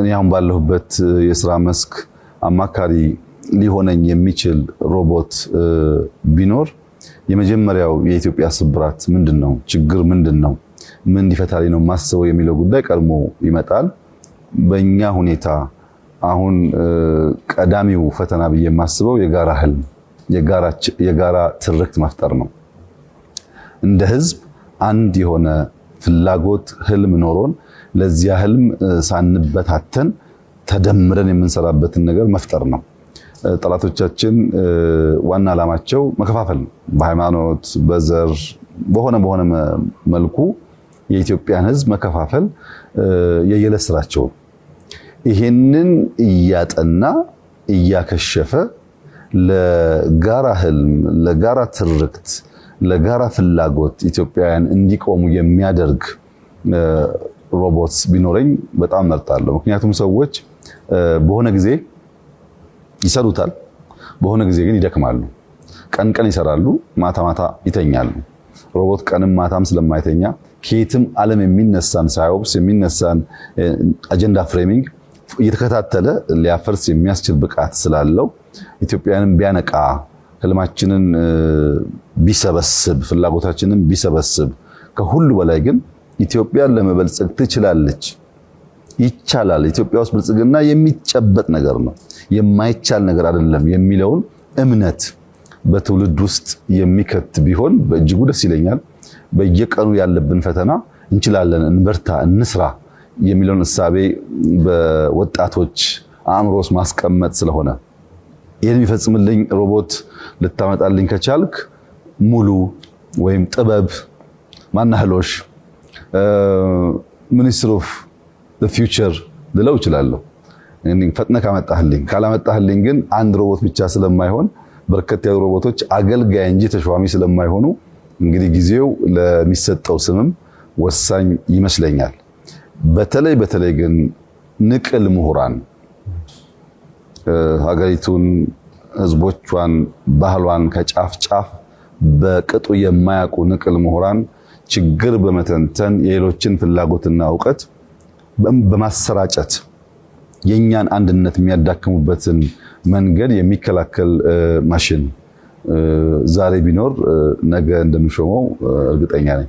እኔ አሁን ባለሁበት የስራ መስክ አማካሪ ሊሆነኝ የሚችል ሮቦት ቢኖር የመጀመሪያው የኢትዮጵያ ስብራት ምንድን ነው? ችግር ምንድን ነው? ምን ሊፈታሊ ነው ማስበው የሚለው ጉዳይ ቀድሞ ይመጣል። በእኛ ሁኔታ አሁን ቀዳሚው ፈተና ብዬ የማስበው የጋራ ህልም፣ የጋራ ትርክት መፍጠር ነው። እንደ ህዝብ አንድ የሆነ ፍላጎት፣ ህልም ኖሮን ለዚያ ህልም ሳንበታተን ተደምረን የምንሰራበትን ነገር መፍጠር ነው። ጠላቶቻችን ዋና ዓላማቸው መከፋፈል ነው። በሃይማኖት፣ በዘር፣ በሆነ በሆነ መልኩ የኢትዮጵያን ህዝብ መከፋፈል የየዕለት ስራቸው ይሄንን እያጠና እያከሸፈ ለጋራ ህልም ለጋራ ትርክት ለጋራ ፍላጎት ኢትዮጵያውያን እንዲቆሙ የሚያደርግ ሮቦት ቢኖረኝ በጣም መርጣለሁ። ምክንያቱም ሰዎች በሆነ ጊዜ ይሰሩታል፣ በሆነ ጊዜ ግን ይደክማሉ። ቀን ቀን ይሰራሉ፣ ማታ ማታ ይተኛሉ። ሮቦት ቀንም ማታም ስለማይተኛ ከየትም ዓለም የሚነሳን ሳይወብስ የሚነሳን አጀንዳ ፍሬሚንግ እየተከታተለ ሊያፈርስ የሚያስችል ብቃት ስላለው ኢትዮጵያንም ቢያነቃ ህልማችንን ቢሰበስብ ፍላጎታችንን ቢሰበስብ ከሁሉ በላይ ግን ኢትዮጵያን ለመበልጸግ ትችላለች፣ ይቻላል፣ ኢትዮጵያ ውስጥ ብልጽግና የሚጨበጥ ነገር ነው፣ የማይቻል ነገር አይደለም የሚለውን እምነት በትውልድ ውስጥ የሚከት ቢሆን በእጅጉ ደስ ይለኛል። በየቀኑ ያለብን ፈተና እንችላለን፣ እንበርታ፣ እንስራ የሚለውን እሳቤ በወጣቶች አእምሮስ ማስቀመጥ ስለሆነ ይህን የሚፈጽምልኝ ሮቦት ልታመጣልኝ ከቻልክ ሙሉ ወይም ጥበብ ማናህሎሽ ሚኒስትር ኦፍ ፊውቸር ልለው እችላለሁ። ፈጥነ ካመጣህልኝ፣ ካላመጣህልኝ ግን አንድ ሮቦት ብቻ ስለማይሆን በርከት ያሉ ሮቦቶች አገልጋይ እንጂ ተሿሚ ስለማይሆኑ እንግዲህ ጊዜው ለሚሰጠው ስምም ወሳኝ ይመስለኛል። በተለይ በተለይ ግን ንቅል ምሁራን ሀገሪቱን፣ ህዝቦቿን፣ ባህሏን ከጫፍ ጫፍ በቅጡ የማያውቁ ንቅል ምሁራን ችግር በመተንተን የሌሎችን ፍላጎትና እውቀት በማሰራጨት የእኛን አንድነት የሚያዳክሙበትን መንገድ የሚከላከል ማሽን ዛሬ ቢኖር ነገ እንደምሾመው እርግጠኛ ነኝ።